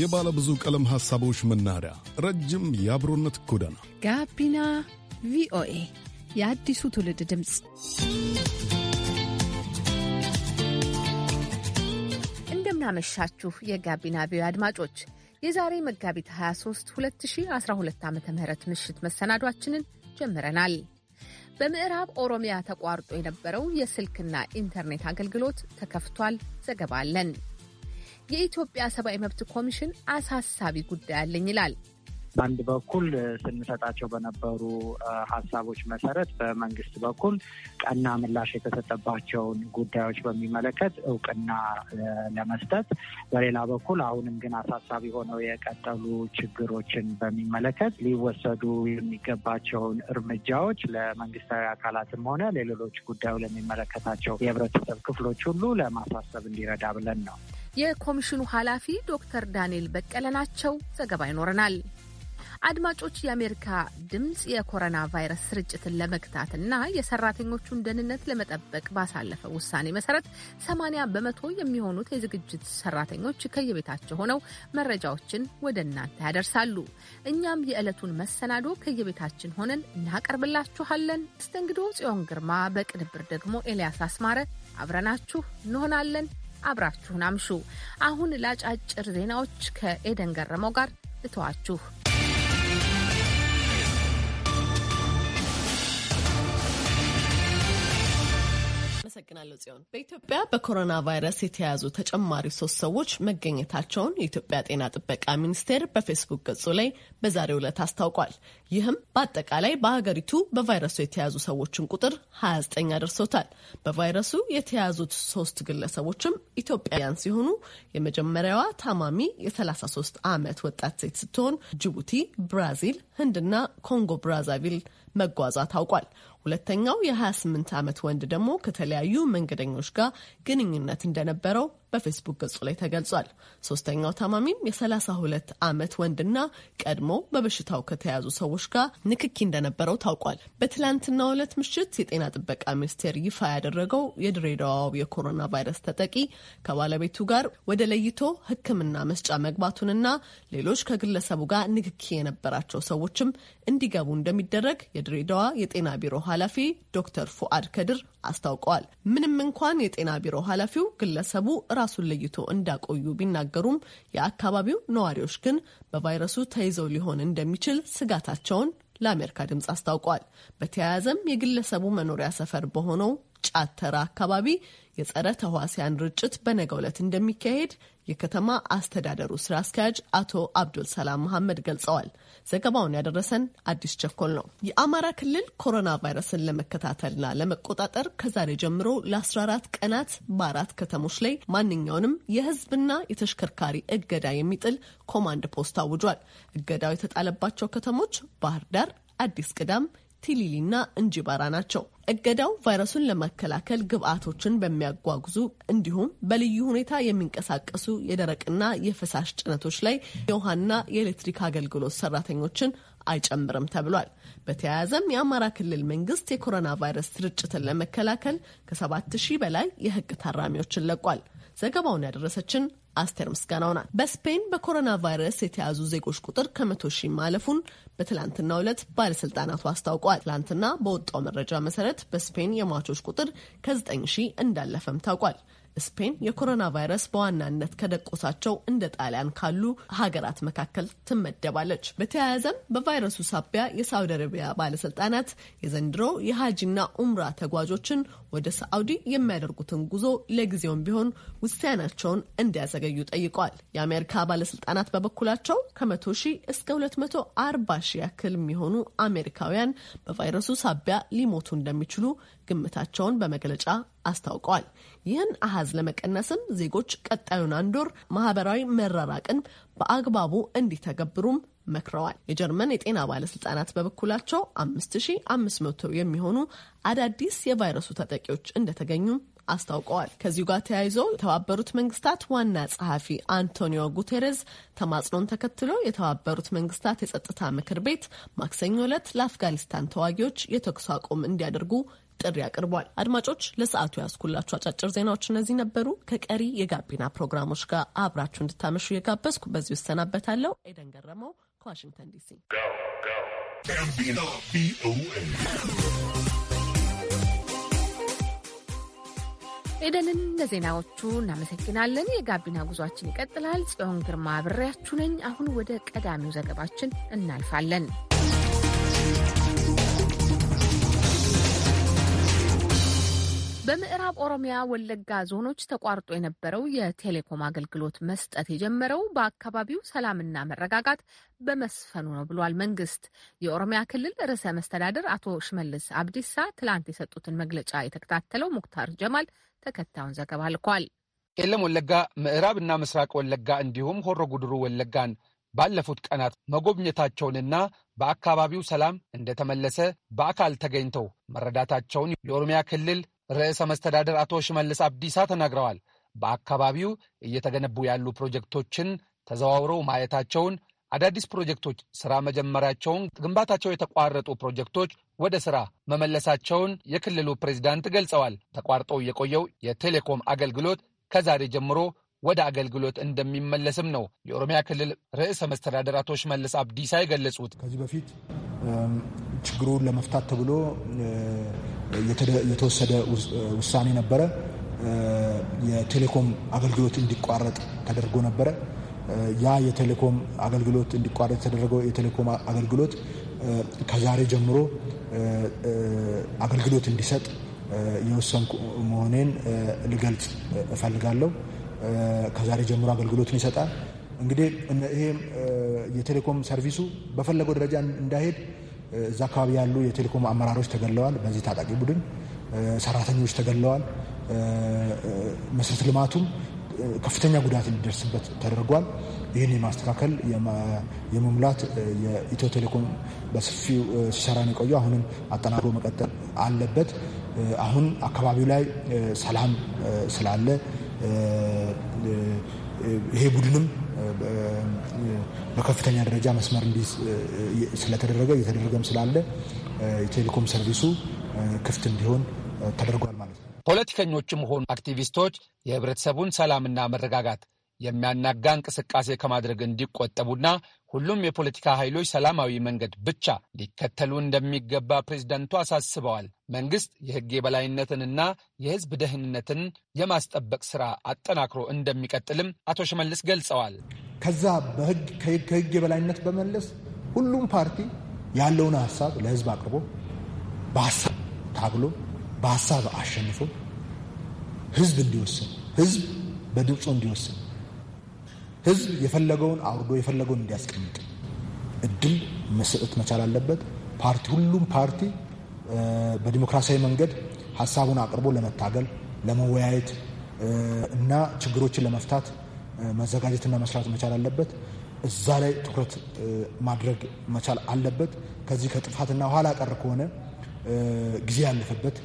የባለ ብዙ ቀለም ሐሳቦች መናኸሪያ፣ ረጅም የአብሮነት ጎዳና ጋቢና ቪኦኤ የአዲሱ ትውልድ ድምፅ። እንደምናመሻችሁ የጋቢና ቪኦኤ አድማጮች የዛሬ መጋቢት 23 2012 ዓ ም ምሽት መሰናዷችንን ጀምረናል። በምዕራብ ኦሮሚያ ተቋርጦ የነበረው የስልክና ኢንተርኔት አገልግሎት ተከፍቷል። ዘገባ አለን። የኢትዮጵያ ሰብአዊ መብት ኮሚሽን አሳሳቢ ጉዳይ አለኝ ይላል። በአንድ በኩል ስንሰጣቸው በነበሩ ሀሳቦች መሰረት በመንግስት በኩል ቀና ምላሽ የተሰጠባቸውን ጉዳዮች በሚመለከት እውቅና ለመስጠት፣ በሌላ በኩል አሁንም ግን አሳሳቢ ሆነው የቀጠሉ ችግሮችን በሚመለከት ሊወሰዱ የሚገባቸውን እርምጃዎች ለመንግስታዊ አካላትም ሆነ ለሌሎች ጉዳዩ ለሚመለከታቸው የህብረተሰብ ክፍሎች ሁሉ ለማሳሰብ እንዲረዳ ብለን ነው። የኮሚሽኑ ኃላፊ ዶክተር ዳንኤል በቀለ ናቸው። ዘገባ ይኖረናል። አድማጮች የአሜሪካ ድምፅ የኮሮና ቫይረስ ስርጭትን እና የሰራተኞቹን ደህንነት ለመጠበቅ ባሳለፈ ውሳኔ መሰረት 80 በመቶ የሚሆኑት የዝግጅት ሰራተኞች ከየቤታቸው ሆነው መረጃዎችን ወደ እናንተ ያደርሳሉ። እኛም የዕለቱን መሰናዶ ከየቤታችን ሆነን እናቀርብላችኋለን። መስተንግዶ ጽዮን ግርማ፣ በቅንብር ደግሞ ኤልያስ አስማረ። አብረናችሁ እንሆናለን። አብራችሁን አምሹ። አሁን ለአጫጭር ዜናዎች ከኤደን ገረመው ጋር እተዋችሁ። አመሰግናለሁ ጽዮን። በኢትዮጵያ በኮሮና ቫይረስ የተያዙ ተጨማሪ ሶስት ሰዎች መገኘታቸውን የኢትዮጵያ ጤና ጥበቃ ሚኒስቴር በፌስቡክ ገጹ ላይ በዛሬው ዕለት አስታውቋል። ይህም በአጠቃላይ በሀገሪቱ በቫይረሱ የተያዙ ሰዎችን ቁጥር 29 አደርሶታል። በቫይረሱ የተያዙት ሶስት ግለሰቦችም ኢትዮጵያውያን ሲሆኑ የመጀመሪያዋ ታማሚ የ33 ዓመት ወጣት ሴት ስትሆን ጅቡቲ፣ ብራዚል፣ ህንድና ኮንጎ ብራዛቪል መጓዟ ታውቋል። ሁለተኛው የ28 ዓመት ወንድ ደግሞ ከተለያዩ መንገደኞች ጋር ግንኙነት እንደነበረው በፌስቡክ ገጹ ላይ ተገልጿል። ሶስተኛው ታማሚም የ32 ዓመት ወንድና ቀድሞ በበሽታው ከተያዙ ሰዎች ጋር ንክኪ እንደነበረው ታውቋል። በትላንትናው ዕለት ምሽት የጤና ጥበቃ ሚኒስቴር ይፋ ያደረገው የድሬዳዋው የኮሮና ቫይረስ ተጠቂ ከባለቤቱ ጋር ወደ ለይቶ ሕክምና መስጫ መግባቱንና ሌሎች ከግለሰቡ ጋር ንክኪ የነበራቸው ሰዎችም እንዲገቡ እንደሚደረግ የድሬዳዋ የጤና ቢሮ ኃላፊ ዶክተር ፉአድ ከድር አስታውቀዋል። ምንም እንኳን የጤና ቢሮ ኃላፊው ግለሰቡ ራሱን ለይቶ እንዳቆዩ ቢናገሩም የአካባቢው ነዋሪዎች ግን በቫይረሱ ተይዘው ሊሆን እንደሚችል ስጋታቸውን ለአሜሪካ ድምፅ አስታውቋል። በተያያዘም የግለሰቡ መኖሪያ ሰፈር በሆነው ጫተራ አካባቢ የጸረ ተዋሲያን ርጭት በነገ ዕለት እንደሚካሄድ የከተማ አስተዳደሩ ስራ አስኪያጅ አቶ አብዱል ሰላም መሐመድ ገልጸዋል። ዘገባውን ያደረሰን አዲስ ቸኮል ነው። የአማራ ክልል ኮሮና ቫይረስን ለመከታተልና ለመቆጣጠር ከዛሬ ጀምሮ ለ14 ቀናት በአራት ከተሞች ላይ ማንኛውንም የህዝብና የተሽከርካሪ እገዳ የሚጥል ኮማንድ ፖስት አውጇል። እገዳው የተጣለባቸው ከተሞች ባህር ዳር፣ አዲስ ቅዳም፣ ቲሊሊና እንጂባራ ናቸው። እገዳው ቫይረሱን ለመከላከል ግብአቶችን በሚያጓጉዙ እንዲሁም በልዩ ሁኔታ የሚንቀሳቀሱ የደረቅና የፈሳሽ ጭነቶች ላይ የውሃና የኤሌክትሪክ አገልግሎት ሰራተኞችን አይጨምርም ተብሏል። በተያያዘም የአማራ ክልል መንግስት የኮሮና ቫይረስ ስርጭትን ለመከላከል ከሰባት ሺህ በላይ የህግ ታራሚዎችን ለቋል። ዘገባውን ያደረሰችን አስቴር ምስጋናው ናት። በስፔን በኮሮና ቫይረስ የተያዙ ዜጎች ቁጥር ከመቶ ሺህ ማለፉን በትላንትናው ዕለት ባለስልጣናቱ አስታውቋል። ትላንትና በወጣው መረጃ መሰረት በስፔን የሟቾች ቁጥር ከዘጠኝ ሺህ እንዳለፈም ታውቋል። ስፔን የኮሮና ቫይረስ በዋናነት ከደቆሳቸው እንደ ጣሊያን ካሉ ሀገራት መካከል ትመደባለች። በተያያዘም በቫይረሱ ሳቢያ የሳውዲ አረቢያ ባለስልጣናት የዘንድሮ የሀጂና ኡምራ ተጓዦችን ወደ ሳዑዲ የሚያደርጉትን ጉዞ ለጊዜውም ቢሆን ውሳኔያቸውን እንዲያዘገዩ ጠይቋል። የአሜሪካ ባለስልጣናት በበኩላቸው ከመቶ ሺህ እስከ አርባ ሺህ ያክል የሚሆኑ አሜሪካውያን በቫይረሱ ሳቢያ ሊሞቱ እንደሚችሉ ግምታቸውን በመግለጫ አስታውቀዋል። ይህን አሃዝ ለመቀነስም ዜጎች ቀጣዩን አንድ ወር ማህበራዊ መራራቅን በአግባቡ እንዲተገብሩም መክረዋል። የጀርመን የጤና ባለስልጣናት በበኩላቸው 5500 የሚሆኑ አዳዲስ የቫይረሱ ተጠቂዎች እንደተገኙ አስታውቀዋል። ከዚሁ ጋር ተያይዞ የተባበሩት መንግስታት ዋና ጸሐፊ አንቶኒዮ ጉቴሬዝ ተማጽኖን ተከትሎ የተባበሩት መንግስታት የጸጥታ ምክር ቤት ማክሰኞ ዕለት ለአፍጋኒስታን ተዋጊዎች የተኩስ አቁም እንዲያደርጉ ጥሪ አቅርቧል። አድማጮች፣ ለሰዓቱ ያስኩላችሁ አጫጭር ዜናዎች እነዚህ ነበሩ። ከቀሪ የጋቢና ፕሮግራሞች ጋር አብራችሁ እንድታመሹ የጋበዝኩ በዚሁ እሰናበታለሁ። ኤደን ገረመው ከዋሽንግተን ዲሲ ኤደንን ለዜናዎቹ እናመሰግናለን። የጋቢና ጉዟችን ይቀጥላል። ጽዮን ግርማ አብሬያችሁ ነኝ። አሁን ወደ ቀዳሚው ዘገባችን እናልፋለን። በምዕራብ ኦሮሚያ ወለጋ ዞኖች ተቋርጦ የነበረው የቴሌኮም አገልግሎት መስጠት የጀመረው በአካባቢው ሰላምና መረጋጋት በመስፈኑ ነው ብሏል መንግስት። የኦሮሚያ ክልል ርዕሰ መስተዳደር አቶ ሽመልስ አብዲሳ ትላንት የሰጡትን መግለጫ የተከታተለው ሙክታር ጀማል ተከታዩን ዘገባ ልኳል። ቄለም ወለጋ፣ ምዕራብና ምስራቅ ወለጋ እንዲሁም ሆሮ ጉድሩ ወለጋን ባለፉት ቀናት መጎብኘታቸውንና በአካባቢው ሰላም እንደተመለሰ በአካል ተገኝተው መረዳታቸውን የኦሮሚያ ክልል ርዕሰ መስተዳደር አቶ ሽመልስ አብዲሳ ተናግረዋል። በአካባቢው እየተገነቡ ያሉ ፕሮጀክቶችን ተዘዋውረው ማየታቸውን፣ አዳዲስ ፕሮጀክቶች ስራ መጀመራቸውን፣ ግንባታቸው የተቋረጡ ፕሮጀክቶች ወደ ስራ መመለሳቸውን የክልሉ ፕሬዚዳንት ገልጸዋል። ተቋርጦ የቆየው የቴሌኮም አገልግሎት ከዛሬ ጀምሮ ወደ አገልግሎት እንደሚመለስም ነው የኦሮሚያ ክልል ርዕሰ መስተዳደር አቶ ሽመልስ አብዲሳ የገለጹት። ከዚህ በፊት ችግሩን ለመፍታት ተብሎ የተወሰደ ውሳኔ ነበረ። የቴሌኮም አገልግሎት እንዲቋረጥ ተደርጎ ነበረ። ያ የቴሌኮም አገልግሎት እንዲቋረጥ የተደረገው የቴሌኮም አገልግሎት ከዛሬ ጀምሮ አገልግሎት እንዲሰጥ የወሰንኩ መሆኔን ልገልጽ እፈልጋለሁ። ከዛሬ ጀምሮ አገልግሎትን ይሰጣል። እንግዲህ ይሄ የቴሌኮም ሰርቪሱ በፈለገው ደረጃ እንዳይሄድ እዛ አካባቢ ያሉ የቴሌኮም አመራሮች ተገለዋል። በዚህ ታጣቂ ቡድን ሰራተኞች ተገለዋል። መሰረተ ልማቱም ከፍተኛ ጉዳት እንዲደርስበት ተደርጓል። ይህን የማስተካከል የመሙላት የኢትዮ ቴሌኮም በሰፊው ሲሰራ ነው የቆየው። አሁንም አጠናክሮ መቀጠል አለበት። አሁን አካባቢው ላይ ሰላም ስላለ ይሄ ቡድንም በከፍተኛ ደረጃ መስመር ስለተደረገ እየተደረገም ስላለ የቴሌኮም ሰርቪሱ ክፍት እንዲሆን ተደርጓል ማለት ነው። ፖለቲከኞችም ሆኑ አክቲቪስቶች የህብረተሰቡን ሰላምና መረጋጋት የሚያናጋ እንቅስቃሴ ከማድረግ እንዲቆጠቡና ሁሉም የፖለቲካ ኃይሎች ሰላማዊ መንገድ ብቻ ሊከተሉ እንደሚገባ ፕሬዚዳንቱ አሳስበዋል። መንግስት የህግ የበላይነትንና የህዝብ ደህንነትን የማስጠበቅ ስራ አጠናክሮ እንደሚቀጥልም አቶ ሽመልስ ገልጸዋል። ከዛ ከህግ የበላይነት በመለስ ሁሉም ፓርቲ ያለውን ሀሳብ ለህዝብ አቅርቦ በሀሳብ ታግሎ በሀሳብ አሸንፎ ህዝብ እንዲወስን ህዝብ በድምፁ እንዲወስን ህዝብ የፈለገውን አውርዶ የፈለገውን እንዲያስቀምጥ እድል መስጠት መቻል አለበት። ፓርቲ ሁሉም ፓርቲ በዲሞክራሲያዊ መንገድ ሀሳቡን አቅርቦ ለመታገል ለመወያየት እና ችግሮችን ለመፍታት መዘጋጀትና መስራት መቻል አለበት። እዛ ላይ ትኩረት ማድረግ መቻል አለበት። ከዚህ ከጥፋትና ኋላ ቀር ከሆነ ጊዜ ያለፈበት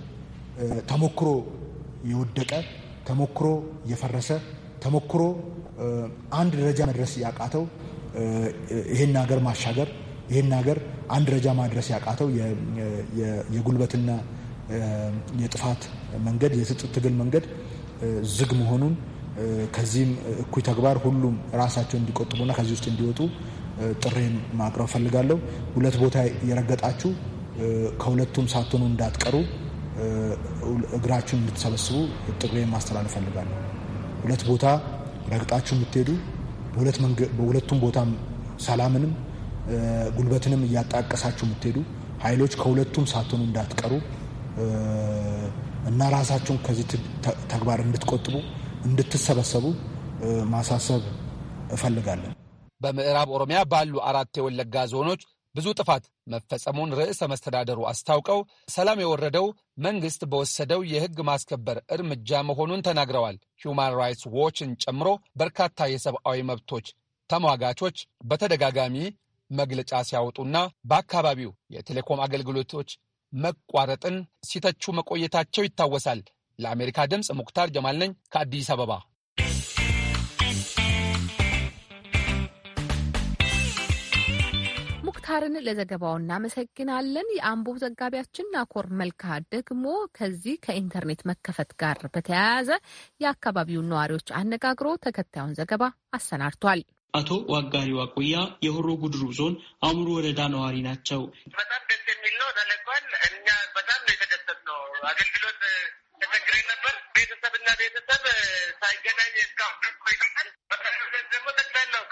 ተሞክሮ የወደቀ ተሞክሮ የፈረሰ ተሞክሮ አንድ ደረጃ መድረስ ያቃተው ይሄን ሀገር ማሻገር ይህን ሀገር አንድ ደረጃ ማድረስ ያቃተው የጉልበትና የጥፋት መንገድ የትጥቅ ትግል መንገድ ዝግ መሆኑን ከዚህም እኩይ ተግባር ሁሉም ራሳቸውን እንዲቆጥቡና ከዚህ ውስጥ እንዲወጡ ጥሬን ማቅረብ ፈልጋለሁ። ሁለት ቦታ የረገጣችሁ ከሁለቱም ሳትሆኑ እንዳትቀሩ እግራችሁን እንድትሰበስቡ ጥሬን ማስተላለፍ ፈልጋለሁ። ሁለት ቦታ ረግጣችሁ የምትሄዱ በሁለቱም ቦታ ሰላምንም ጉልበትንም እያጣቀሳችሁ የምትሄዱ ኃይሎች ከሁለቱም ሳትሆኑ እንዳትቀሩ እና ራሳችሁን ከዚህ ተግባር እንድትቆጥቡ እንድትሰበሰቡ ማሳሰብ እፈልጋለሁ። በምዕራብ ኦሮሚያ ባሉ አራት የወለጋ ዞኖች ብዙ ጥፋት መፈጸሙን ርዕሰ መስተዳደሩ አስታውቀው ሰላም የወረደው መንግሥት በወሰደው የሕግ ማስከበር እርምጃ መሆኑን ተናግረዋል። ሁማን ራይትስ ዎችን ጨምሮ በርካታ የሰብአዊ መብቶች ተሟጋቾች በተደጋጋሚ መግለጫ ሲያወጡና በአካባቢው የቴሌኮም አገልግሎቶች መቋረጥን ሲተቹ መቆየታቸው ይታወሳል። ለአሜሪካ ድምፅ ሙክታር ጀማል ነኝ ከአዲስ አበባ። ናኮርን ለዘገባው እናመሰግናለን። የአምቦ ዘጋቢያችን ናኮር መልካ ደግሞ ከዚህ ከኢንተርኔት መከፈት ጋር በተያያዘ የአካባቢውን ነዋሪዎች አነጋግሮ ተከታዩን ዘገባ አሰናድቷል። አቶ ዋጋሪ ዋቆያ የሆሮ ጉድሩ ዞን አእምሮ ወረዳ ነዋሪ ናቸው። በጣም ደስ የሚል ነው። ተለቋል። እኛ በጣም ነው የተደሰትነው። አገልግሎት ተቸግረን ነበር። ቤተሰብና ቤተሰብ ሳይገናኝ እስካሁን ቆይተናል።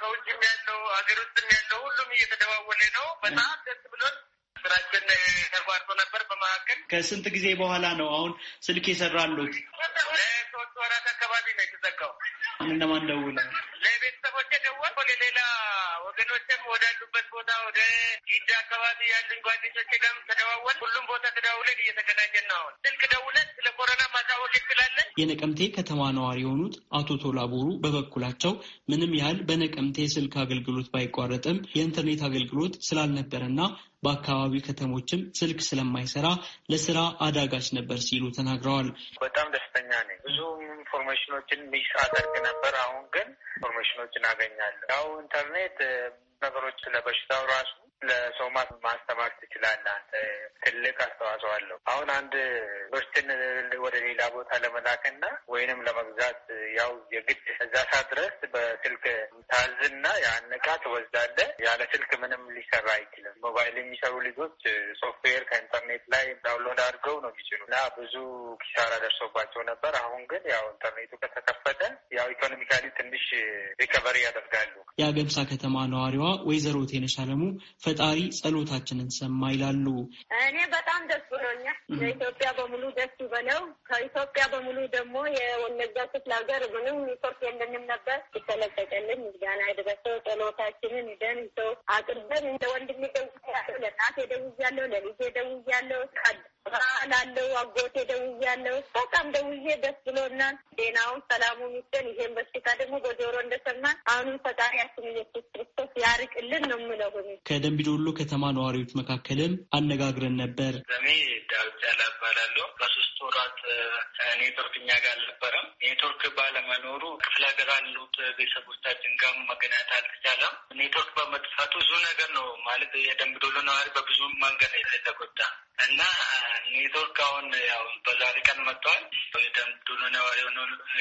ከውጭም ያለው ሀገር ውስጥም ያለው ሁሉም እየተደዋወለ ነው። በጣም ደስ ብሎን ስራችን ተጓርቶ ነበር። በመካከል ከስንት ጊዜ በኋላ ነው አሁን ስልክ የሰራሉት? ሶስት ወራት አካባቢ ነው የተዘጋው። እነማን ደውለ? ለቤተሰቦች ደወል፣ ለሌላ ወገኖችም ወዳሉበት ቦታ ወደ ጂዳ አካባቢ ያሉኝ ጓደኞች ጋርም ተደዋወል። ሁሉም ቦታ ተደዋውለን እየተገናኘን ነው አሁን ስልክ ደውለን ኮሮና ማሳወቅ ስላለን የነቀምቴ ከተማ ነዋሪ የሆኑት አቶ ቶላቦሩ በበኩላቸው ምንም ያህል በነቀምቴ ስልክ አገልግሎት ባይቋረጥም የኢንተርኔት አገልግሎት ስላልነበረና በአካባቢ ከተሞችም ስልክ ስለማይሰራ ለስራ አዳጋች ነበር ሲሉ ተናግረዋል። በጣም ደስተኛ ነኝ። ብዙ ኢንፎርሜሽኖችን ሚስ አደርግ ነበር። አሁን ግን ኢንፎርሜሽኖችን አገኛለሁ። ያው ኢንተርኔት ነገሮች ስለበሽታው ራሱ ለሰው ማስተማር ትችላለህ። አንተ ትልቅ አስተዋጽኦ አለው። አሁን አንድ ሶስትን ወደ ሌላ ቦታ ለመላክና ወይንም ለመግዛት ያው የግድ እዛ ሳት ድረስ በስልክ ታዝ ያዝና ያን ዕቃ ትወስዳለህ። ያለ ስልክ ምንም ሊሰራ አይችልም። ሞባይል የሚሰሩ ልጆች ሶፍትዌር ከኢንተርኔት ላይ ዳውንሎድ አድርገው ነው የሚችሉ እና ብዙ ኪሳራ ደርሶባቸው ነበር። አሁን ግን ያው ኢንተርኔቱ ከተከፈተ ያው ኢኮኖሚካሊ ትንሽ ሪከቨሪ ያደርጋሉ። የአገብሳ ከተማ ነዋሪዋ ወይዘሮ ቴነሽ አለሙ ፈጣሪ ጸሎታችንን ሰማ ይላሉ። እኔ በጣም ደስ ብሎኛል። ለኢትዮጵያ በሙሉ ደስ ይበለው። ከኢትዮጵያ በሙሉ ደግሞ የወለጋ ክፍለ ሀገር ምንም ሪፖርት የለንም ነበር ይተለቀቀልን ምዝጋና ደርሰው ጸሎታችንን ይዘን ይዘው አቅርበን እንደ ወንድም ደውያለሁ፣ ለእናቴ ደውያለሁ፣ ለልጄ ደውያለሁ፣ ላለው አጎቴ ደውያለሁ። በጣም ደውዬ ደስ ብሎናል። ዜናውን ሰላሙ ሚስጠን ይሄን በሽታ ደግሞ በጆሮ እንደሰማን አሁንም ፈጣሪያችን ኢየሱስ ክርስቶስ ያርቅልን ነው የምለው። ከደምቢዶሎ ከተማ ነዋሪዎች መካከልም አነጋግረን ነበር። ስሜ ዳዊት ያላ ጉዳት ኔትወርክ እኛ ጋር አልነበረም። ኔትወርክ ባለመኖሩ ክፍለ ሀገር ያሉት ቤተሰቦቻችን ጋር መገናኘት አልተቻለም። ኔትወርክ በመጥፋቱ ብዙ ነገር ነው ማለት የደምቢዶሎ ነዋሪ በብዙ መንገድ የተጎዳ እና ኔትወርክ አሁን ያው በዛሬ ቀን መጥተዋል። ደምዱሉ ነዋሪ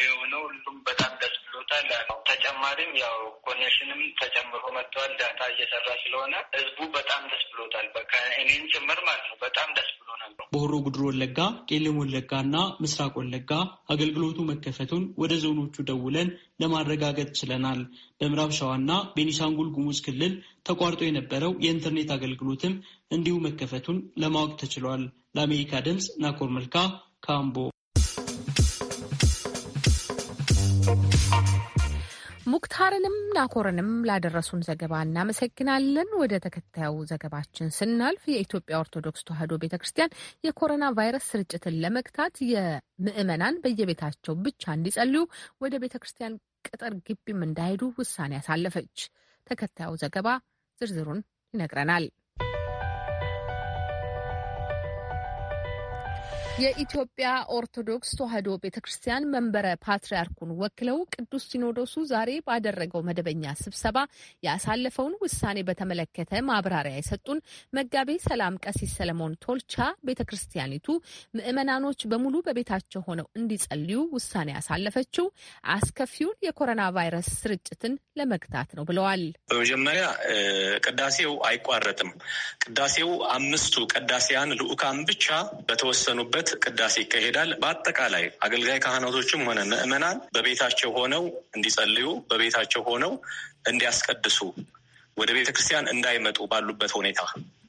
የሆነ ሁሉም በጣም ደስ ብሎታል። ተጨማሪም ያው ኮኔክሽንም ተጨምሮ መጥተዋል። ዳታ እየሰራ ስለሆነ ህዝቡ በጣም ደስ ብሎታል። በቃ እኔን ጭምር ማለት ነው በጣም ደስ ብሎናል። በሆሮ ጉድሮ ወለጋ፣ ቄለም ወለጋ እና ምስራቅ ወለጋ አገልግሎቱ መከፈቱን ወደ ዞኖቹ ደውለን ለማረጋገጥ ችለናል። በምዕራብ ሸዋና ቤኒሻንጉል ጉሙዝ ክልል ተቋርጦ የነበረው የኢንተርኔት አገልግሎትም እንዲሁ መከፈቱን ለማወቅ ተችሏል። ለአሜሪካ ድምፅ ናኮር መልካ ካምቦ ሙክታርንም ናኮርንም ላደረሱን ዘገባ እናመሰግናለን። ወደ ተከታዩ ዘገባችን ስናልፍ የኢትዮጵያ ኦርቶዶክስ ተዋሕዶ ቤተ ክርስቲያን የኮሮና ቫይረስ ስርጭትን ለመግታት የምዕመናን በየቤታቸው ብቻ እንዲጸልዩ፣ ወደ ቤተ ክርስቲያን ቅጥር ግቢም እንዳይሄዱ ውሳኔ አሳለፈች። ተከታዩ ዘገባ ዝርዝሩን ይነግረናል። የኢትዮጵያ ኦርቶዶክስ ተዋሕዶ ቤተ ክርስቲያን መንበረ ፓትርያርኩን ወክለው ቅዱስ ሲኖዶሱ ዛሬ ባደረገው መደበኛ ስብሰባ ያሳለፈውን ውሳኔ በተመለከተ ማብራሪያ የሰጡን መጋቤ ሰላም ቀሲስ ሰለሞን ቶልቻ ቤተ ክርስቲያኒቱ ምዕመናኖች በሙሉ በቤታቸው ሆነው እንዲጸልዩ ውሳኔ ያሳለፈችው አስከፊውን የኮሮና ቫይረስ ስርጭትን ለመግታት ነው ብለዋል። በመጀመሪያ ቅዳሴው አይቋረጥም። ቅዳሴው አምስቱ ቅዳሴያን ልዑካን ብቻ በተወሰኑበት ቅዳሴ ይካሄዳል። በአጠቃላይ አገልጋይ ካህናቶችም ሆነ ምዕመናን በቤታቸው ሆነው እንዲጸልዩ፣ በቤታቸው ሆነው እንዲያስቀድሱ፣ ወደ ቤተ ክርስቲያን እንዳይመጡ ባሉበት ሁኔታ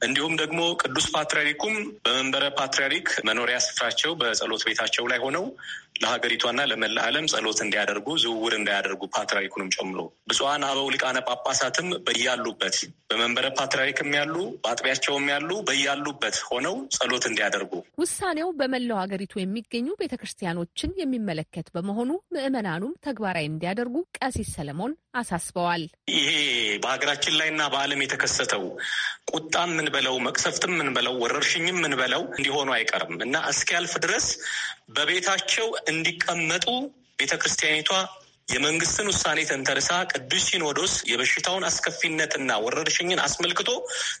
እንዲሁም ደግሞ ቅዱስ ፓትርያርኩም በመንበረ ፓትርያርክ መኖሪያ ስፍራቸው በጸሎት ቤታቸው ላይ ሆነው ለሀገሪቷና ለመላ ዓለም ጸሎት እንዲያደርጉ ዝውውር እንዳያደርጉ ፓትርያርኩንም ጨምሮ ብፁዓን አበው ሊቃነ ጳጳሳትም በያሉበት በመንበረ ፓትርያርክም ያሉ በአጥቢያቸውም ያሉ በያሉበት ሆነው ጸሎት እንዲያደርጉ ውሳኔው በመላው ሀገሪቱ የሚገኙ ቤተ ክርስቲያኖችን የሚመለከት በመሆኑ ምዕመናኑም ተግባራዊ እንዲያደርጉ ቀሲስ ሰለሞን አሳስበዋል። ይሄ በሀገራችን ላይና በዓለም የተከሰተው ቁጣም ምን በለው መቅሰፍትም ምን በለው ወረርሽኝም ምን በለው እንዲሆኑ አይቀርም እና እስኪያልፍ ድረስ በቤታቸው እንዲቀመጡ ቤተ ክርስቲያኒቷ የመንግስትን ውሳኔ ተንተርሳ ቅዱስ ሲኖዶስ የበሽታውን አስከፊነትና ወረርሽኝን አስመልክቶ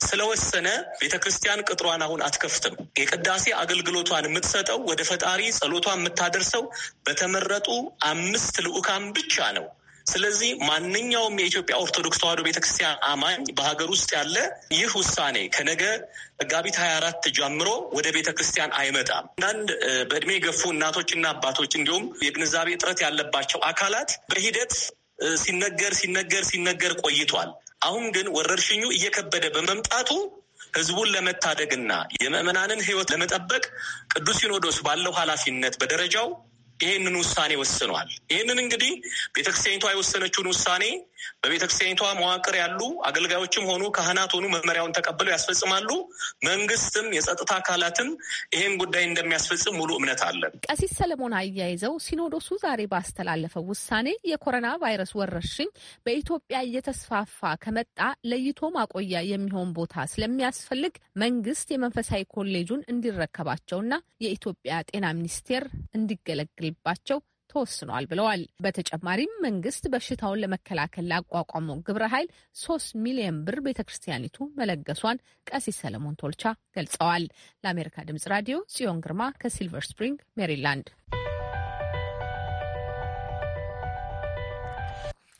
ስለወሰነ ቤተ ክርስቲያን ቅጥሯን አሁን አትከፍትም። የቅዳሴ አገልግሎቷን የምትሰጠው ወደ ፈጣሪ ጸሎቷ የምታደርሰው በተመረጡ አምስት ልዑካን ብቻ ነው። ስለዚህ ማንኛውም የኢትዮጵያ ኦርቶዶክስ ተዋሕዶ ቤተክርስቲያን አማኝ በሀገር ውስጥ ያለ ይህ ውሳኔ ከነገ መጋቢት ሀያ አራት ጀምሮ ወደ ቤተክርስቲያን አይመጣም። አንዳንድ በእድሜ የገፉ እናቶችና አባቶች እንዲሁም የግንዛቤ እጥረት ያለባቸው አካላት በሂደት ሲነገር ሲነገር ሲነገር ቆይቷል። አሁን ግን ወረርሽኙ እየከበደ በመምጣቱ ህዝቡን ለመታደግና የምዕመናንን ህይወት ለመጠበቅ ቅዱስ ሲኖዶስ ባለው ኃላፊነት በደረጃው ይህንን ውሳኔ ወስኗል። ይህንን እንግዲህ ቤተክርስቲያኒቷ የወሰነችውን ውሳኔ በቤተክርስቲያኒቷ መዋቅር ያሉ አገልጋዮችም ሆኑ ካህናት ሆኑ መመሪያውን ተቀብለው ያስፈጽማሉ። መንግስትም የጸጥታ አካላትም ይህን ጉዳይ እንደሚያስፈጽም ሙሉ እምነት አለን። ቀሲስ ሰለሞን አያይዘው ሲኖዶሱ ዛሬ ባስተላለፈው ውሳኔ የኮሮና ቫይረስ ወረርሽኝ በኢትዮጵያ እየተስፋፋ ከመጣ ለይቶ ማቆያ የሚሆን ቦታ ስለሚያስፈልግ መንግስት የመንፈሳዊ ኮሌጁን እንዲረከባቸውና የኢትዮጵያ ጤና ሚኒስቴር እንዲገለግል ሊባቸው ተወስኗል ብለዋል። በተጨማሪም መንግስት በሽታውን ለመከላከል ላቋቋመው ግብረ ኃይል ሶስት ሚሊዮን ብር ቤተ ክርስቲያኒቱ መለገሷን ቀሲስ ሰለሞን ቶልቻ ገልጸዋል። ለአሜሪካ ድምጽ ራዲዮ ጽዮን ግርማ ከሲልቨር ስፕሪንግ ሜሪላንድ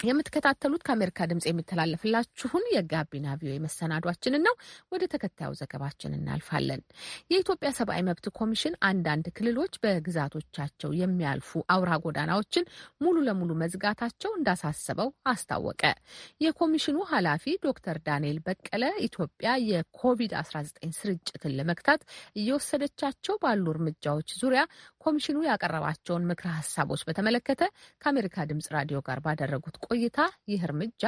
የምትከታተሉት ከአሜሪካ ድምጽ የሚተላለፍላችሁን የጋቢና ቪዮ መሰናዷችንን ነው። ወደ ተከታዩ ዘገባችን እናልፋለን። የኢትዮጵያ ሰብአዊ መብት ኮሚሽን አንዳንድ ክልሎች በግዛቶቻቸው የሚያልፉ አውራ ጎዳናዎችን ሙሉ ለሙሉ መዝጋታቸው እንዳሳሰበው አስታወቀ። የኮሚሽኑ ኃላፊ ዶክተር ዳንኤል በቀለ ኢትዮጵያ የኮቪድ-19 ስርጭትን ለመግታት እየወሰደቻቸው ባሉ እርምጃዎች ዙሪያ ኮሚሽኑ ያቀረባቸውን ምክረ ሀሳቦች በተመለከተ ከአሜሪካ ድምጽ ራዲዮ ጋር ባደረጉት ቆይታ ይህ እርምጃ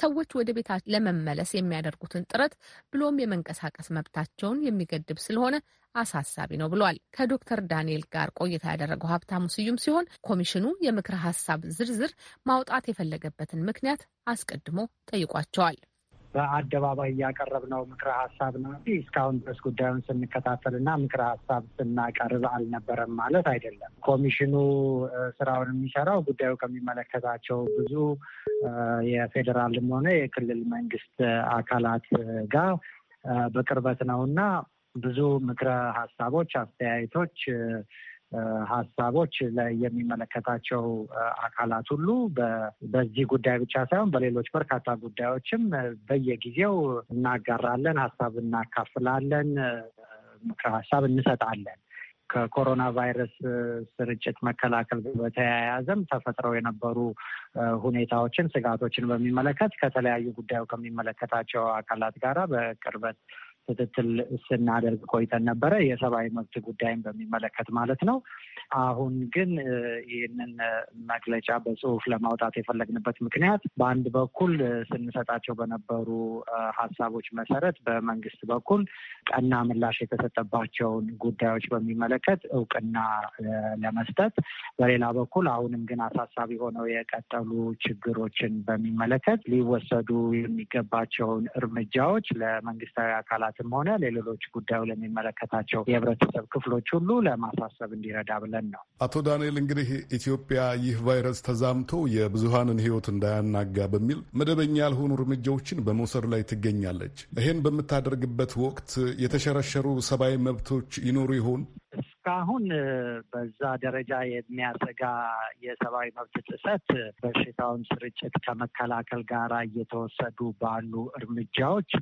ሰዎች ወደ ቤታ ለመመለስ የሚያደርጉትን ጥረት ብሎም የመንቀሳቀስ መብታቸውን የሚገድብ ስለሆነ አሳሳቢ ነው ብሏል። ከዶክተር ዳንኤል ጋር ቆይታ ያደረገው ሀብታሙ ስዩም ሲሆን ኮሚሽኑ የምክረ ሀሳብ ዝርዝር ማውጣት የፈለገበትን ምክንያት አስቀድሞ ጠይቋቸዋል። በአደባባይ እያቀረብነው ምክረ ሀሳብ ነው እንጂ እስካሁን ድረስ ጉዳዩን ስንከታተልና ምክረ ሀሳብ ስናቀርብ አልነበረም ማለት አይደለም። ኮሚሽኑ ስራውን የሚሰራው ጉዳዩ ከሚመለከታቸው ብዙ የፌዴራልም ሆነ የክልል መንግስት አካላት ጋር በቅርበት ነው እና ብዙ ምክረ ሀሳቦች፣ አስተያየቶች ሀሳቦች የሚመለከታቸው አካላት ሁሉ በዚህ ጉዳይ ብቻ ሳይሆን በሌሎች በርካታ ጉዳዮችም በየጊዜው እናጋራለን፣ ሀሳብ እናካፍላለን፣ ምክረ ሀሳብ እንሰጣለን። ከኮሮና ቫይረስ ስርጭት መከላከል በተያያዘም ተፈጥረው የነበሩ ሁኔታዎችን፣ ስጋቶችን በሚመለከት ከተለያዩ ጉዳዩ ከሚመለከታቸው አካላት ጋራ በቅርበት ክትትል ስናደርግ ቆይተን ነበረ። የሰብአዊ መብት ጉዳይን በሚመለከት ማለት ነው። አሁን ግን ይህንን መግለጫ በጽሁፍ ለማውጣት የፈለግንበት ምክንያት በአንድ በኩል ስንሰጣቸው በነበሩ ሀሳቦች መሰረት በመንግስት በኩል ቀና ምላሽ የተሰጠባቸውን ጉዳዮች በሚመለከት እውቅና ለመስጠት፣ በሌላ በኩል አሁንም ግን አሳሳቢ ሆነው የቀጠሉ ችግሮችን በሚመለከት ሊወሰዱ የሚገባቸውን እርምጃዎች ለመንግስታዊ አካላት አካላትም ሆነ ለሌሎች ጉዳዩ ለሚመለከታቸው የህብረተሰብ ክፍሎች ሁሉ ለማሳሰብ እንዲረዳ ብለን ነው። አቶ ዳንኤል እንግዲህ ኢትዮጵያ ይህ ቫይረስ ተዛምቶ የብዙሀንን ህይወት እንዳያናጋ በሚል መደበኛ ያልሆኑ እርምጃዎችን በመውሰድ ላይ ትገኛለች። ይህን በምታደርግበት ወቅት የተሸረሸሩ ሰብአዊ መብቶች ይኖሩ ይሆን? እስካሁን በዛ ደረጃ የሚያሰጋ የሰብአዊ መብት ጥሰት በሽታውን ስርጭት ከመከላከል ጋር እየተወሰዱ ባሉ እርምጃዎች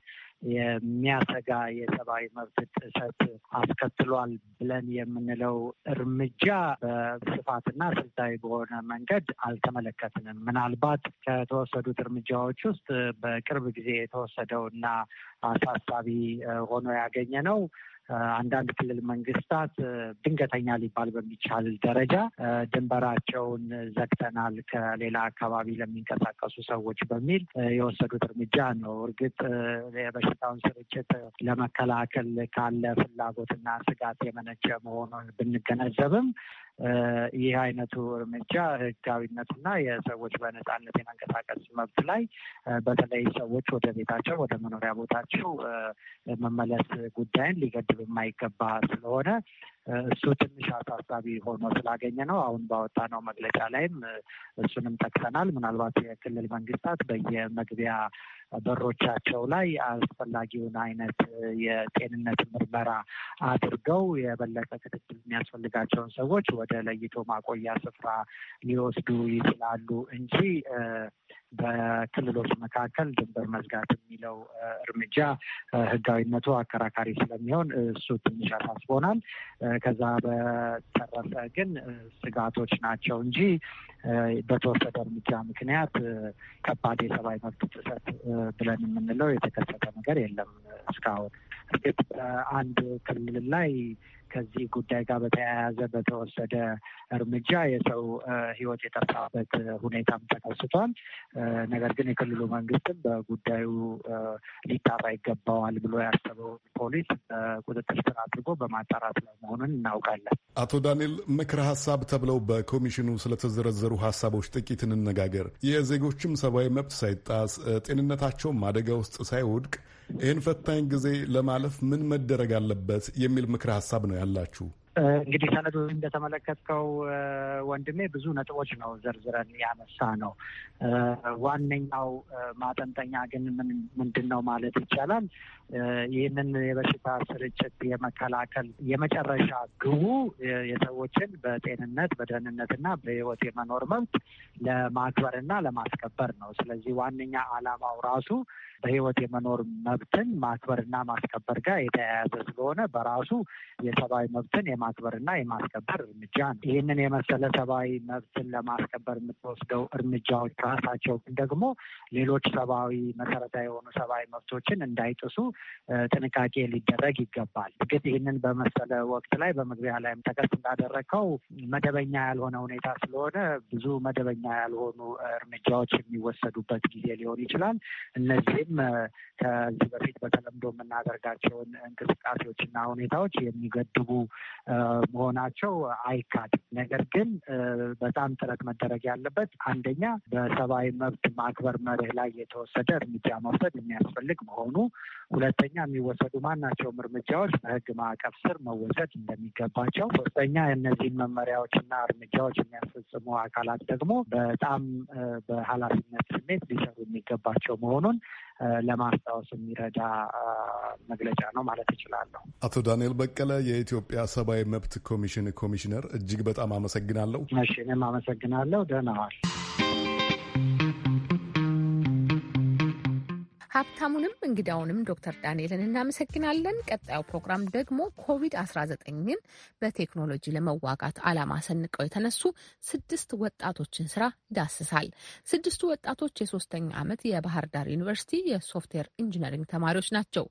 የሚያሰጋ የሰብአዊ መብት ጥሰት አስከትሏል ብለን የምንለው እርምጃ በስፋትና ስልታዊ በሆነ መንገድ አልተመለከትንም። ምናልባት ከተወሰዱት እርምጃዎች ውስጥ በቅርብ ጊዜ የተወሰደው እና አሳሳቢ ሆኖ ያገኘ ነው አንዳንድ ክልል መንግስታት ድንገተኛ ሊባል በሚቻል ደረጃ ድንበራቸውን ዘግተናል ከሌላ አካባቢ ለሚንቀሳቀሱ ሰዎች በሚል የወሰዱት እርምጃ ነው። እርግጥ የበሽታውን ስርጭት ለመከላከል ካለ ፍላጎትና ስጋት የመነጨ መሆኑን ብንገነዘብም ይህ አይነቱ እርምጃ ህጋዊነትና የሰዎች በነፃነት የመንቀሳቀስ መብት ላይ በተለይ ሰዎች ወደ ቤታቸው ወደ መኖሪያ ቦታቸው መመለስ ጉዳይን ሊገድብ የማይገባ ስለሆነ እሱ ትንሽ አሳሳቢ ሆኖ ስላገኘ ነው። አሁን ባወጣነው መግለጫ ላይም እሱንም ጠቅሰናል። ምናልባት የክልል መንግስታት በየመግቢያ በሮቻቸው ላይ አስፈላጊውን አይነት የጤንነት ምርመራ አድርገው የበለጠ ክትትል የሚያስፈልጋቸውን ሰዎች ወደ ለይቶ ማቆያ ስፍራ ሊወስዱ ይችላሉ እንጂ በክልሎች መካከል ድንበር መዝጋት የሚለው እርምጃ ህጋዊነቱ አከራካሪ ስለሚሆን እሱ ትንሽ አሳስቦናል። ከዛ በተረፈ ግን ስጋቶች ናቸው እንጂ በተወሰደ እርምጃ ምክንያት ከባድ የሰብአዊ መብት ጥሰት ብለን የምንለው የተከሰተ ነገር የለም እስካሁን። እርግጥ አንድ ክልል ላይ ከዚህ ጉዳይ ጋር በተያያዘ በተወሰደ እርምጃ የሰው ሕይወት የጠፋበት ሁኔታም ተከስቷል። ነገር ግን የክልሉ መንግስትም በጉዳዩ ሊጣራ ይገባዋል ብሎ ያሰበውን ፖሊስ ቁጥጥር ስር አድርጎ በማጣራት ላይ መሆኑን እናውቃለን። አቶ ዳንኤል ምክረ ሀሳብ ተብለው በኮሚሽኑ ስለተዘረዘሩ ሀሳቦች ጥቂት እንነጋገር። የዜጎችም ሰብአዊ መብት ሳይጣስ ጤንነታቸውም አደጋ ውስጥ ሳይወድቅ ይህን ፈታኝ ጊዜ ለማለፍ ምን መደረግ አለበት የሚል ምክር ሀሳብ ነው ያላችሁ? እንግዲህ ሰነዱ እንደተመለከትከው ወንድሜ ብዙ ነጥቦች ነው ዘርዝረን ያነሳ ነው። ዋነኛው ማጠንጠኛ ግን ምንድን ነው ማለት ይቻላል ይህንን የበሽታ ስርጭት የመከላከል የመጨረሻ ግቡ የሰዎችን በጤንነት በደህንነትና በሕይወት የመኖር መብት ለማክበርና ለማስከበር ነው። ስለዚህ ዋነኛ ዓላማው ራሱ በሕይወት የመኖር መብትን ማክበርና ማስከበር ጋር የተያያዘ ስለሆነ በራሱ የሰብአዊ መብትን የማ እና የማስከበር እርምጃ ነው። ይህንን የመሰለ ሰብአዊ መብትን ለማስከበር የምትወስደው እርምጃዎች ራሳቸው ግን ደግሞ ሌሎች ሰብአዊ መሰረታዊ የሆኑ ሰብአዊ መብቶችን እንዳይጥሱ ጥንቃቄ ሊደረግ ይገባል። እርግጥ ይህንን በመሰለ ወቅት ላይ በመግቢያ ላይም ጠቀስ እንዳደረግከው መደበኛ ያልሆነ ሁኔታ ስለሆነ ብዙ መደበኛ ያልሆኑ እርምጃዎች የሚወሰዱበት ጊዜ ሊሆን ይችላል። እነዚህም ከዚህ በፊት በተለምዶ የምናደርጋቸውን እንቅስቃሴዎችና ሁኔታዎች የሚገድቡ መሆናቸው አይካድ ነገር ግን በጣም ጥረት መደረግ ያለበት አንደኛ በሰብአዊ መብት ማክበር መርህ ላይ የተወሰደ እርምጃ መውሰድ የሚያስፈልግ መሆኑ፣ ሁለተኛ የሚወሰዱ ማናቸውም እርምጃዎች በህግ ማዕቀፍ ስር መወሰድ እንደሚገባቸው፣ ሶስተኛ እነዚህን መመሪያዎችና እርምጃዎች የሚያስፈጽሙ አካላት ደግሞ በጣም በኃላፊነት ስሜት ሊሰሩ የሚገባቸው መሆኑን ለማስታወስ የሚረዳ መግለጫ ነው ማለት እችላለሁ። አቶ ዳንኤል በቀለ የኢትዮጵያ ሰብአዊ መብት ኮሚሽን ኮሚሽነር እጅግ በጣም አመሰግናለሁ። እሺ፣ እኔም አመሰግናለሁ። ደህና ዋል። ሀብታሙንም እንግዳውንም ዶክተር ዳንኤልን እናመሰግናለን። ቀጣዩ ፕሮግራም ደግሞ ኮቪድ-19ን በቴክኖሎጂ ለመዋጋት ዓላማ ሰንቀው የተነሱ ስድስት ወጣቶችን ስራ ይዳስሳል። ስድስቱ ወጣቶች የሶስተኛ ዓመት የባህር ዳር ዩኒቨርሲቲ የሶፍትዌር ኢንጂነሪንግ ተማሪዎች ናቸው።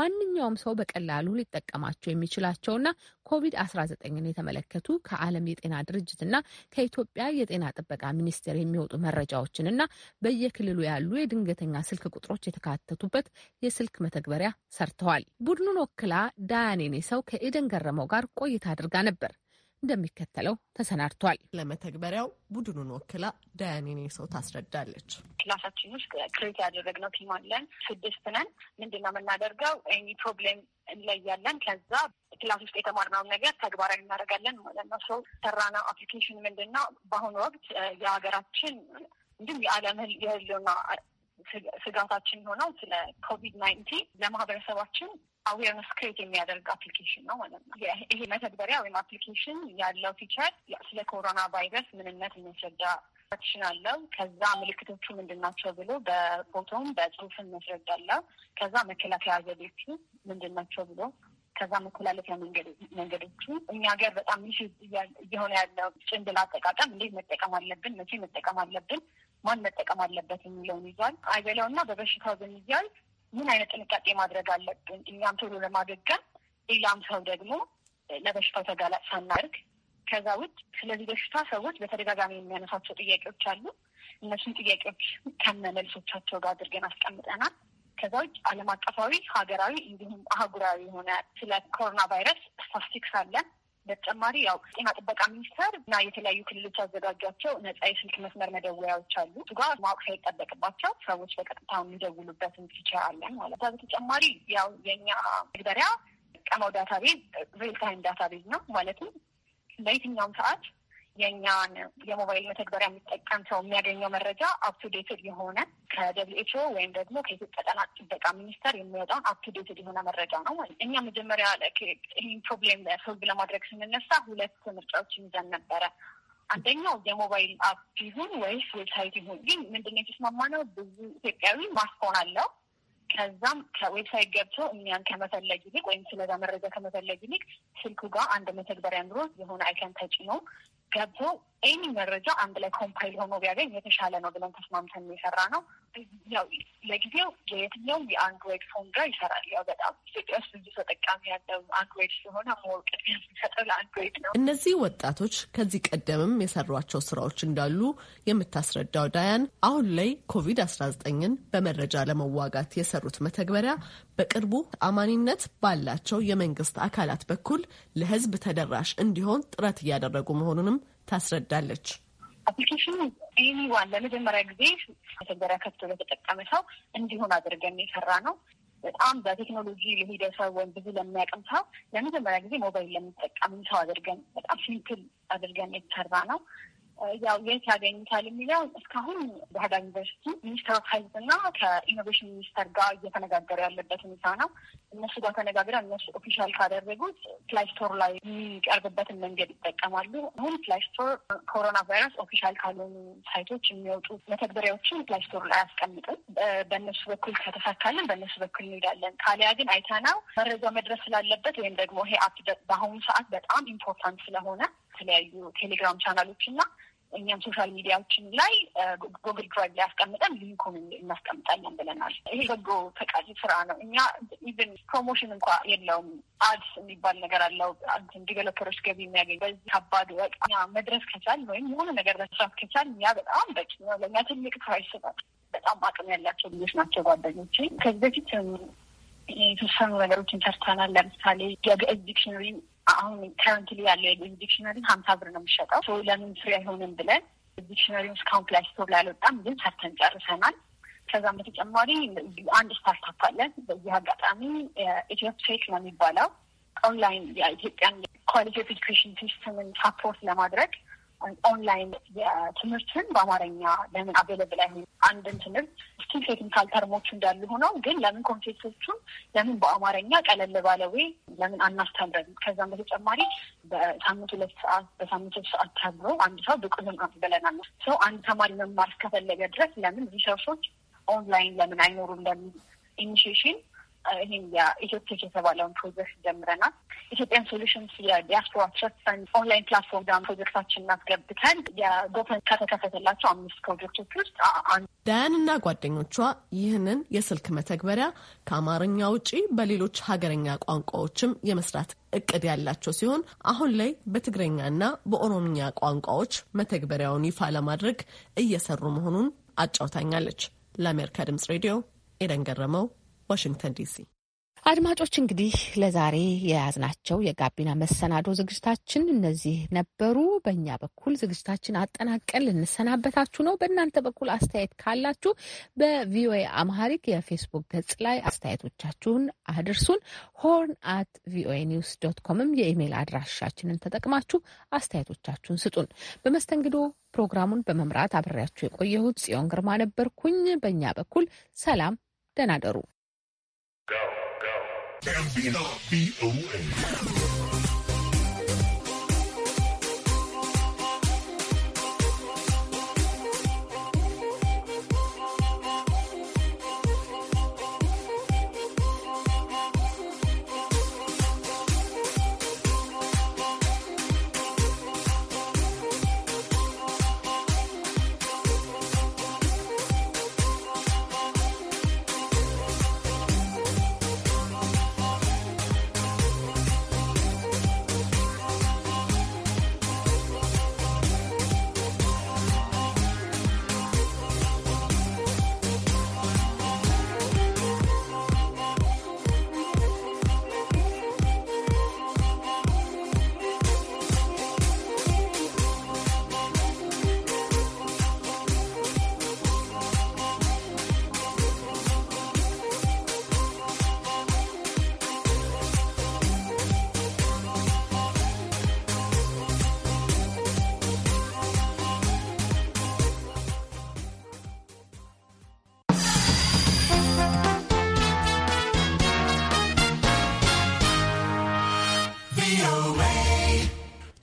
ማንኛውም ሰው በቀላሉ ሊጠቀማቸው የሚችላቸውና ኮቪድ-19ን የተመለከቱ ከዓለም የጤና ድርጅትና ከኢትዮጵያ የጤና ጥበቃ ሚኒስቴር የሚወጡ መረጃዎችንና በየክልሉ ያሉ የድንገተኛ ስልክ ቁጥሮች የተካተቱበት የስልክ መተግበሪያ ሰርተዋል። ቡድኑን ወክላ ዳያኔኔ ሰው ከኤደን ገረመው ጋር ቆይታ አድርጋ ነበር። እንደሚከተለው ተሰናድቷል። ለመተግበሪያው ቡድኑን ወክላ ዳያኔኔ ሰው ታስረዳለች። ክላሳችን ውስጥ ክሬት ያደረግነው ቲም አለን። ስድስት ነን። ምንድነው የምናደርገው? ኒ ፕሮብሌም እንለያለን። ከዛ ክላስ ውስጥ የተማርነውን ነገር ተግባራዊ እናደርጋለን ማለት ነው። ሰው ሰራነው አፕሊኬሽን ምንድን ነው በአሁኑ ወቅት የሀገራችን እንዲሁም የዓለም የህልና ስጋታችን የሆነው ስለ ኮቪድ ናይንቲን ለማህበረሰባችን አዌርነስ ክሬት የሚያደርግ አፕሊኬሽን ነው ማለት ነው። ይሄ መተግበሪያ ወይም አፕሊኬሽን ያለው ፊቸር ስለ ኮሮና ቫይረስ ምንነት የሚያስረዳ ፕሮቴክሽን አለው። ከዛ ምልክቶቹ ምንድን ናቸው ብሎ በፎቶም በጽሁፍን መስረድ አለው። ከዛ መከላከያ ዘዴዎቹ ምንድን ናቸው ብሎ ከዛ መተላለፊያ መንገዶቹ እኛ ሀገር በጣም ሚሽ እየሆነ ያለው ጭንብል አጠቃቀም እንዴት መጠቀም አለብን፣ መቼ መጠቀም አለብን ማን መጠቀም አለበት የሚለውን ይዟል። አይበላው እና በበሽታው ብንያዝ ምን አይነት ጥንቃቄ ማድረግ አለብን? እኛም ቶሎ ለማገገም ሌላም ሰው ደግሞ ለበሽታው ተጋላጭ ሳናደርግ ከዛ ውጭ ስለዚህ በሽታ ሰዎች በተደጋጋሚ የሚያነሳቸው ጥያቄዎች አሉ። እነሱን ጥያቄዎች ከመመልሶቻቸው ጋር አድርገን አስቀምጠናል። ከዛ ውጭ ዓለም አቀፋዊ፣ ሀገራዊ እንዲሁም አህጉራዊ የሆነ ስለ ኮሮና ቫይረስ ስታስቲክስ አለን። በተጨማሪ ያው ጤና ጥበቃ ሚኒስቴር እና የተለያዩ ክልሎች ያዘጋጇቸው ነጻ የስልክ መስመር መደወያዎች አሉ። እሱ ጋር ማወቅ ሳይጠበቅባቸው ሰዎች በቀጥታ የሚደውሉበት አለን ማለት ነው። በተጨማሪ ያው የእኛ መግበሪያ ቀመው ዳታቤዝ ሪል ዳታ ዳታቤዝ ነው ማለትም በየትኛውም ሰዓት የእኛን የሞባይል መተግበሪያ የሚጠቀም ሰው የሚያገኘው መረጃ አፕቱዴትድ የሆነ ከደብሊው ወይም ደግሞ ከኢትዮጵያ ጤና ጥበቃ ሚኒስቴር የሚወጣውን አፕቱዴትድ የሆነ መረጃ ነው። እኛ መጀመሪያ ይህን ፕሮብሌም ሶልቭ ለማድረግ ስንነሳ ሁለት ምርጫዎችን ይዘን ነበረ። አንደኛው የሞባይል አፕ ይሁን ወይስ ዌብሳይት ይሁን። ግን የተስማማ የተስማማነው? ብዙ ኢትዮጵያዊ ማስፎን አለው። ከዛም ከዌብሳይት ገብቶ እኒያን ከመፈለግ ይልቅ ወይም ስለዛ መረጃ ከመፈለግ ይልቅ ስልኩ ጋር አንድ መተግበሪያ ኑሮ የሆነ አይከን ተጭኖ ገብተው ኤኒ መረጃ አንድ ላይ ኮምፓይል ሆኖ ቢያገኝ የተሻለ ነው ብለን ተስማምተን የሰራ ነው። ያው ለጊዜው የየትኛውም የአንድሮይድ ፎን ጋር ይሰራል። ያው በጣም ኢትዮጵያ ውስጥ ብዙ ተጠቃሚ ያለው አንድሮይድ ስለሆነ ሞር ቅድሚያ የሚሰጠው ለአንድሮይድ ነው። እነዚህ ወጣቶች ከዚህ ቀደምም የሰሯቸው ስራዎች እንዳሉ የምታስረዳው ዳያን አሁን ላይ ኮቪድ አስራ ዘጠኝን በመረጃ ለመዋጋት የሰሩት መተግበሪያ በቅርቡ አማኒነት ባላቸው የመንግስት አካላት በኩል ለህዝብ ተደራሽ እንዲሆን ጥረት እያደረጉ መሆኑንም ታስረዳለች። አፕሊኬሽኑ ኤኒዋን ለመጀመሪያ ጊዜ መተግበሪያ ከፍቶ ለተጠቀመ ሰው እንዲሆን አድርገን የሰራ ነው። በጣም በቴክኖሎጂ ለሄደ ሰው ወይም ብዙ ለሚያቅም ሰው ለመጀመሪያ ጊዜ ሞባይል ለሚጠቀም ሰው አድርገን በጣም ሲምፕል አድርገን የተሰራ ነው። ያው የት ያገኙታል የሚለው እስካሁን ባህዳ ዩኒቨርሲቲ ሚኒስትር ኦፍ ሄልዝ እና ከኢኖቬሽን ሚኒስተር ጋር እየተነጋገረ ያለበት ሁኔታ ነው። እነሱ ጋር ተነጋግረ እነሱ ኦፊሻል ካደረጉት ፕላይስቶር ላይ የሚቀርብበትን መንገድ ይጠቀማሉ። አሁን ፕላይስቶር ኮሮና ቫይረስ ኦፊሻል ካልሆኑ ሳይቶች የሚወጡ መተግበሪያዎችን ፕላይስቶር ላይ አያስቀምጥም። በእነሱ በኩል ከተሳካልን በእነሱ በኩል እንሄዳለን። ካሊያ ግን አይተናው መረጃ መድረስ ስላለበት ወይም ደግሞ ይሄ አፕ በአሁኑ ሰዓት በጣም ኢምፖርታንት ስለሆነ የተለያዩ ቴሌግራም ቻናሎች እና እኛም ሶሻል ሚዲያዎችን ላይ ጎግል ድራይቭ ላይ አስቀምጠን ሊንኩን እናስቀምጣለን ብለናል። ይሄ በጎ ፈቃድ ስራ ነው። እኛ ኢቨን ፕሮሞሽን እንኳ የለውም። አድስ የሚባል ነገር አለው። ዲቨሎፐሮች ገቢ የሚያገኝ በዚህ ከባድ ወቅ እኛ መድረስ ከቻል ወይም የሆነ ነገር መስራት ከቻል እኛ በጣም በቂ ነው። ለእኛ ትልቅ ፕራይስ ነው። በጣም አቅም ያላቸው ልጆች ናቸው ጓደኞች። ከዚህ በፊት የተወሰኑ ነገሮችን ሰርተናል። ለምሳሌ የግዕዝ ዲክሽነሪ አሁን ከረንትሊ ያለው የግዕዝ ዲክሽነሪ ሀምሳ ብር ነው የሚሸጠው። ሰው ለምን ፍሪ አይሆንም ብለን ዲክሽነሪውን እስካሁን ፕላይ ስቶር ላይ አልወጣም፣ ግን ሰርተን ጨርሰናል። ከዛም በተጨማሪ አንድ ስታርታፕ አለን። በዚህ አጋጣሚ ኢትዮፕሴክ ነው የሚባለው ኦንላይን የኢትዮጵያን ኳሊቲ ኤዱኬሽን ሲስተምን ሳፖርት ለማድረግ ኦንላይን የትምህርትን በአማርኛ ለምን አቬለብል አይሆንም? አንድን ትምህርት እስኪ ቴክኒካል ተርሞች እንዳሉ ሆነው ግን ለምን ኮንቴንቶቹን ለምን በአማርኛ ቀለል ባለዌ ለምን አናስተምረን? ከዛም በተጨማሪ በሳምንት ሁለት ሰዓት በሳምንት ሁለት ሰዓት ተምሮ አንድ ሰው ብቁ ብለናል። ሰው አንድ ተማሪ መማር እስከፈለገ ድረስ ለምን ሪሰርሶች ኦንላይን ለምን አይኖሩም? ለምን ኢኒሽሽን ይሄ የኢትዮፕቴክ የተባለውን ፕሮጀክት ጀምረናል። ኢትዮጵያን ሶሉሽንስ የዲያስፖራ ተሸፈን ኦንላይን ፕላትፎርም ፕሮጀክታችንን አስገብተን የጎፈን ከተከፈተላቸው አምስት ፕሮጀክቶች ውስጥ ዳያን ዳያንና ጓደኞቿ ይህንን የስልክ መተግበሪያ ከአማርኛ ውጪ በሌሎች ሀገረኛ ቋንቋዎችም የመስራት እቅድ ያላቸው ሲሆን አሁን ላይ በትግረኛና በኦሮምኛ ቋንቋዎች መተግበሪያውን ይፋ ለማድረግ እየሰሩ መሆኑን አጫውታኛለች። ለአሜሪካ ድምጽ ሬዲዮ ኤደን ገረመው ዋሽንግተን ዲሲ። አድማጮች እንግዲህ ለዛሬ የያዝናቸው የጋቢና መሰናዶ ዝግጅታችን እነዚህ ነበሩ። በእኛ በኩል ዝግጅታችን አጠናቀን ልንሰናበታችሁ ነው። በእናንተ በኩል አስተያየት ካላችሁ በቪኦኤ አምሃሪክ የፌስቡክ ገጽ ላይ አስተያየቶቻችሁን አድርሱን። ሆርን አት ቪኦኤ ኒውስ ዶት ኮምም የኢሜይል አድራሻችንን ተጠቅማችሁ አስተያየቶቻችሁን ስጡን። በመስተንግዶ ፕሮግራሙን በመምራት አብሬያችሁ የቆየሁት ጽዮን ግርማ ነበርኩኝ። በእኛ በኩል ሰላም፣ ደህና ደሩ። go, go. Gambino, B-O-A.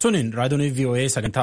Tuni raadiyoon VOA sagantaa